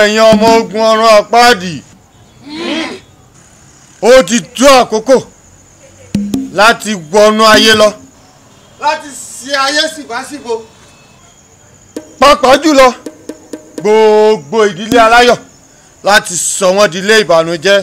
ẹ̀yin ọmọ ogun ọ̀run àpáàdì ó ti tó àkókò láti wọnú ayé lọ. láti ṣe ayé síbáṣíbo. pàápàá jùlọ gbogbo ìdílé aláyọ̀ láti sọ wọ́n di ilé ìbànújẹ́.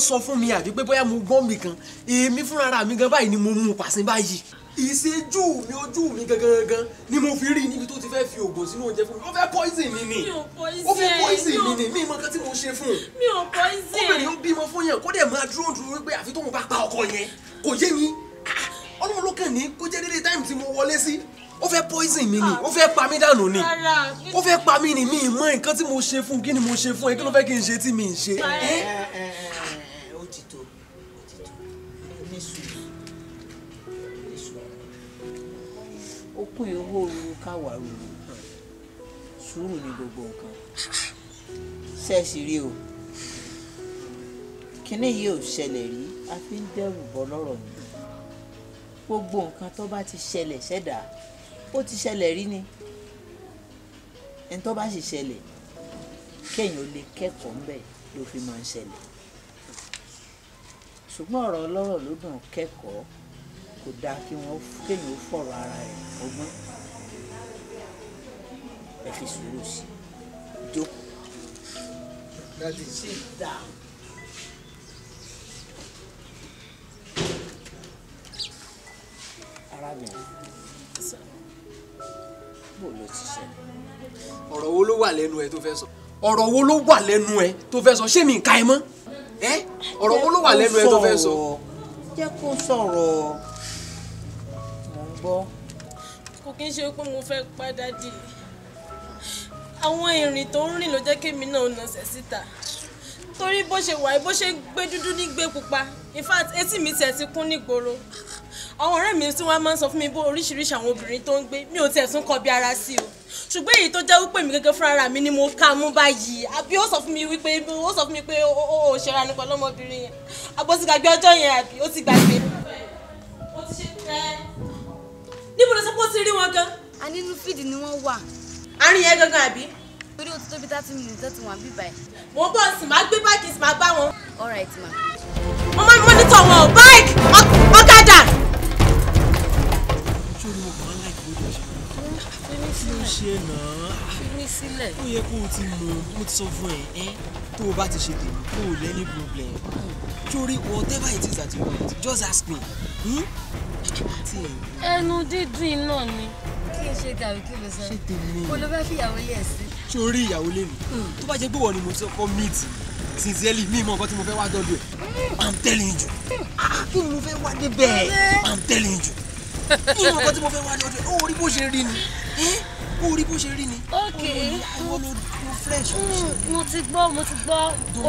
sọ fún mi àbí pé bóyá mo gbọ́n mi kan èmi fúnra mi gan báyìí ni mo mú un pàṣẹ báyìí ìṣẹ́jú mi ojú mi gangan ni mo fi rí níbi tó ti fẹ́ fi oògùn sínú oúnjẹ fún mi ó fẹ́ poison mi ni ó fẹ́ poison mi ni mi mọ nǹkan tí mo ṣe fún un poison kóbìnrin ó bímọ fún yẹn kó dẹ̀ máa dúró dúró wípé àfi tóun bá pa ọkọ yẹn kò yé mi ọlọ́run ló kàn ní kó jẹ́ dédé táìmù tí mo wọlé sí ó fẹ́ poison mi ni ah. ó fẹ́ pa mí dànù ni ó fẹ́ pa mí ni mi mọ nǹkan tí mo ṣe fún kí ni mo ṣe fún ẹ kí ló fẹ́ kí n ṣe tí mi ń ṣe. Jésù okùn ìhó ooru káwa ooru sùúrù ní gbogbo nǹkan ṣẹ́ẹ̀sì rí o kínní yìí ò ṣẹlẹ̀ rí a fi ń dẹ́rù bọ́ lọ́rọ̀ mi gbogbo nǹkan tó bá ti ṣẹlẹ̀ ṣẹ̀dá ó ti ṣẹlẹ̀ rí ni ẹni tó bá sì ṣẹlẹ̀ kéèyàn ó lè kẹ́kọ̀ọ́ ńbẹ̀ ló fi máa ń ṣẹlẹ̀ ṣùgbọ́n ọ̀rọ̀ ọlọ́rọ̀ ló dùn kẹ́kọ̀ọ́ kò dáa kí wọ́n kéèyàn ó fọ̀rọ̀ ara rẹ̀ ọgbọ́n ẹ fi sùúrù sí jókòó ṣe dáa. arábìnrin bó ló ti ṣẹlẹ̀. ọ̀rọ̀ wo ló wà lẹ́nu ẹ tó fẹ́ sọ. ọ̀rọ̀ wo ló wà lẹ́nu ẹ tó fẹ́ sọ ṣé mi ń ka ẹ mọ́ ẹ eh? ọ̀rọ̀ wo ló wà lẹ́nu ẹ tó fẹ́ sọ. jẹ́ kó sọ̀rọ̀ mò ń gbọ́. kò kí n ṣe pé mo fẹ́ padà dì í àwọn ìrìn tó ń rìn ló jẹ́ kémi náà nàṣẹ́ síta torí bó ṣe wà bó ṣe gbé dúdú ní gbé pupa in fact etí mi tiẹ̀ ti kún nígboro àwọn ọ̀rẹ́ mi tí wọ́n máa ń sọ fún mi bó oríṣiríṣi àwọn obìnrin tó ń gbé mi ò tiẹ̀ tún kọ bí ara sí o ṣùgbọ́n èyí tó jẹ́ wípé mi gẹ́gẹ́ fúnra mi ni mo ká mú báyìí àbí ó sọ fún mi wípé ó sọ fún mi pé ó ò ṣera nípa ọlọ́mọbìnrin yẹn àbó ọjọ́ yẹn àbí ó ti gbàgbé. níbo ló sọ pé ó ti rí wọn gan. a nínú fídì ni wọ́n wà. àárín yẹn gangan àbí. torí ó ti tóbi thirty minutes tó ti wọ́n bíbá ẹ̀. mo bọ̀ sì máa gbé báàgì sì máa bá wọn. all right ma. sílẹ̀. ó yẹ kó o ti mọ mo ti sọ fún ẹ ẹ tó o bá ti ṣe tèmi kó o lẹ́ni problem torí whatever it is that you want just ask me. Hmm? ẹnu dídùn iná ni kí n ṣe gàrí kí n sọ ṣe tèmi olùfẹ́ fi ìyàwó lé ẹ̀ sí. torí ìyàwó lé mi hmm. tó bá jẹ́ pé ni mo ti kọ́ míìtì sincerely mi mọ nǹkan tí mo fẹ́ wá dọ́dọ̀ ẹ̀ hmm. i'm telling you kí ni mo fẹ́ wá débẹ̀ i'm telling you mi mọ nǹkan tí mo fẹ́ wá dọ́dọ̀ ẹ̀ ó rí bó ṣe rí ni kó o rí bó ṣe rí ni. ok mm, mo ti gbọ́ mo ti gbọ́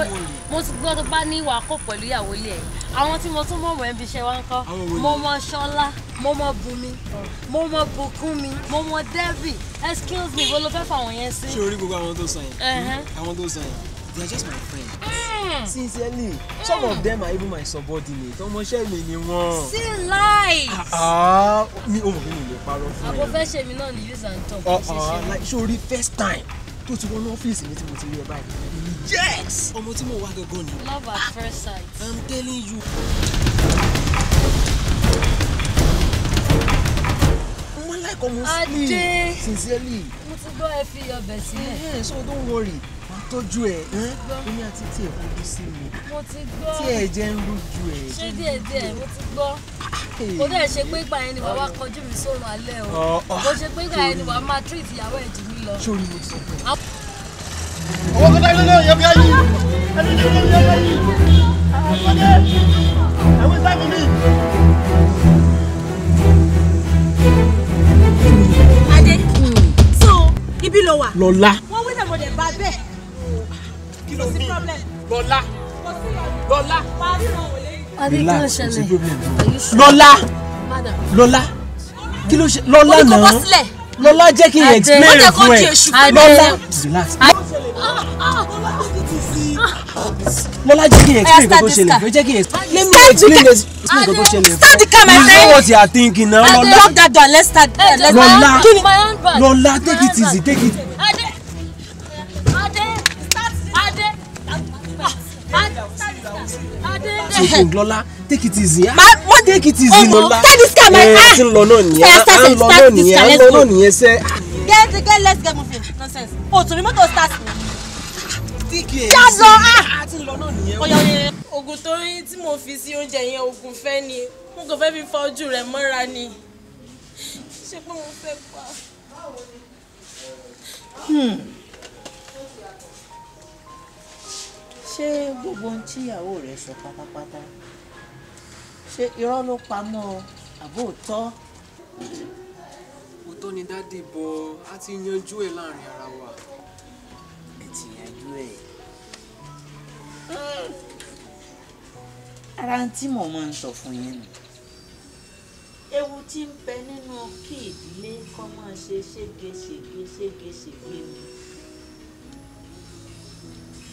mo ti gbọ́ tó bá ní ìwà kó pẹ̀lú ìyàwó ilé ẹ̀ àwọn tí mo tún mọ̀ mọ̀ ẹbí iṣẹ́ wa ń kọ́ mo mọ̀ Ṣọlá mo mọ̀ Bùnmi mo mọ̀ Bùkúnmi mo mọ̀ Debbie excuse me wo ló fẹ́ fà wọ́n yẹn sí. ṣé o rí gbogbo àwọn tó sàn yẹn àwọn tó sàn yẹn they are just my friends. Hmm. sincerely some of hmm. them are even my subordinate ọmọọṣẹ́ mi ni wọ́n. still lies. Ah, ah, oh, mi ò mọ̀ kí mi lè parọ́ fún ẹ. àbọ̀fẹ́ ṣe mi náà ni use and talk. Uh uh. Like, rí first time tó ti wọnú ọ́fíìsì mi tí mo ti rí ẹ báyìí yes ọmọ tí mo wá gangan ni. love at first sight. i'm telling you. come on sleep sincerely. mo ti gbọ́ ẹ fi ọbẹ̀ sílẹ̀. Eh, eh, so don't worry má tọ́jú ẹ̀ ẹ̀yìn eh? àti tí ẹ̀ fojú sí mi. mo ti gbọ́ tí ẹ̀ jẹ́ ń rújú ẹ̀. ṣé díẹ̀ díẹ̀ mo ti gbọ́ kò dẹ̀ ṣe pé ìgbà yẹn ni wàá wá kọjú mi sórun alẹ́ o oh, oh. kò ṣe pé ìgbà yẹn ni wàá máa treat ìyàwó ẹ̀ jù mí lọ. sórí mo sọ fún ẹ. ọwọ́ kọ́tà ilé náà yẹ bí ayé ẹni tí ó lọ yẹ. lọ́lá. wọ́n wí lẹ́mọ̀dé bá bẹ́ẹ̀. kí ló ní lọ́lá lọ́lá. lọ́lá lọ́lá kí ló ṣe lọ́lá náà lọ́lá jẹ́ kí n explain fún ẹ lọ́lá lọ́lá jẹ́ kí n explain gbogbo ṣẹlẹ̀ ló jẹ́ kí n explain let me explain this gbogbo ṣẹlẹ̀ start the camera you know what you are thinking na lọ́lá lọ́lá lọ́lá take it easy take it easy. ṣètò lọ́lá take it easy ah take it easy lọ́lá take this eh, car my car ẹ lọ náà nìyẹn à lọ náà nìyẹn à lọ náà nìyẹn sẹ. get get let's get moving nonsense o tún ní mọ́tò start ni. yà lọ ah ọ̀yọ̀ oògùn torí tí mo fi sí oúnjẹ yẹn oògùn fẹ́ ni mo kàn fẹ́ fi fa ojú rẹ̀ mọ́ra ni ṣé pé mo fẹ́ pa. Hmm. ṣé gbogbo ohun tí ìyàwó rẹ sọ pátápátá ṣé irọ́ ló pamọ́ àbóòtọ́. òótọ́ ni dádì bọ a ti yanjú ẹ̀ láàrin ara wa. ẹ ti yanjú ẹ̀. ara ń tí mò ń máa ń sọ fún yín nù. ewu tí ń bẹ nínú kí ìdílé kọ́ máa ṣe ségesège ségesège ni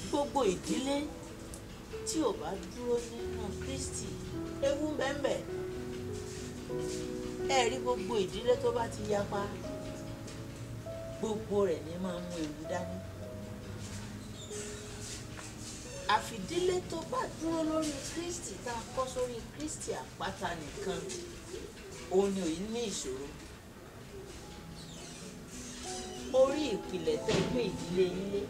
gbogbo ìdílé tí ò bá dúró nínú Kristi ewu bẹ́ẹ̀ ẹ rí gbogbo ìdílé tó bá ti yapa gbogbo rẹ̀ ní máa mú ewu dání àfìdílé tó bá dúró lórí Kristi tá a kọ́ sórí Kristi àpáta nìkan òun ni òyìn ní ìṣòro orí ìpìlẹ̀ tẹ́ ìdílé yín lé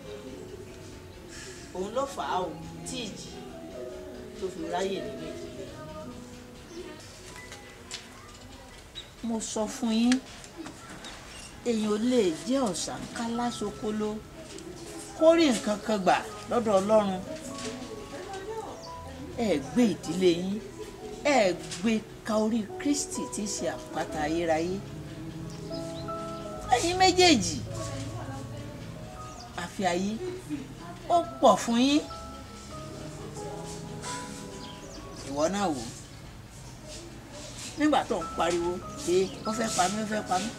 òun ló fà á o tí ìjì tó fi ráyè nílé. mo sọ fún yín èèyàn lè jẹ́ ọ̀sánká lásokolo kó rí nǹkan kan gbà lọ́dọ̀ ọlọ́run ẹ gbé ìdílé yín ẹ gbé ka orí Kristi tí í ṣe àpáta ayérayé ẹ̀yin méjèèjì àfi ayé ó pọ̀ fún yín ìwọ náà wò nígbà tó ń pariwo ee ó fẹ́ pa mí ó fẹ́ pa mí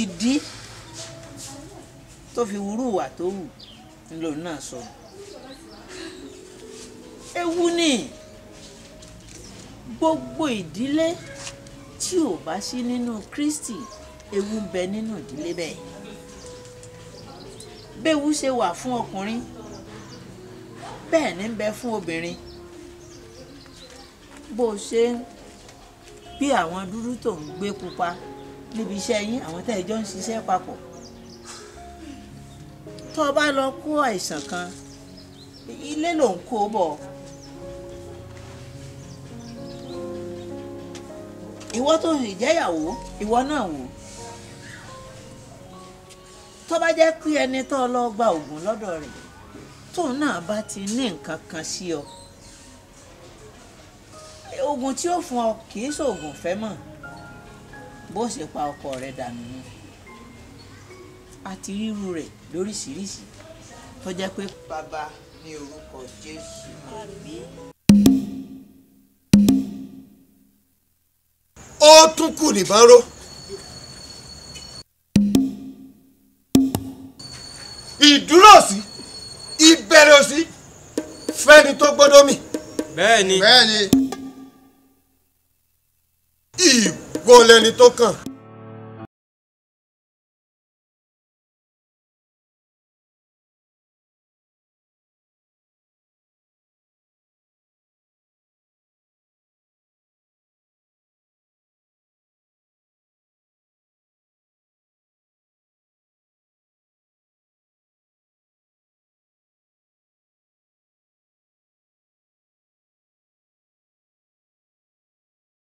ìdí tó fi wúrú wà tó wù ńlò náà sọ ewu ni gbogbo ìdílé tí ò bá sí nínú Kristi ewu ń bẹ nínú ìdílé bẹ́ẹ̀ béwu ṣe wà fún ọkùnrin bẹ́ẹ̀ ni ń bẹ fún obìnrin bó ṣe bí àwọn dúdú tó ń gbé pupa níbi iṣẹ́ yín àwọn tẹ́ ẹ jọ ń ṣiṣẹ́ papọ̀ tó o bá lọ kó àìsàn kan ilé ló ń kó bọ̀ ìwọ tó ń jẹ́yàwó ìwọ náà wò tó bá jẹ́ pé ẹni tó lọ gba oògùn lọ́dọ̀ rẹ̀ tóun náà bá ti ní nǹkan kan sí ọ oògùn tí ó fún ọ kì í ṣoògùn fẹ́ mọ̀ bó ṣe pa ọkọ rẹ dànù ni àti ríru rẹ̀ lóríṣiríṣi tó jẹ́ pé. bàbá ní orúkọ jésù. ó tún kù nìbọn ró. ìdúró òsì ìbẹ̀rẹ̀ òsì fẹ́ni tó gbọ́dọ̀ mì. bẹ́ẹ̀ni. bẹ́ẹ̀ni. ìwọ lẹni tó kàn.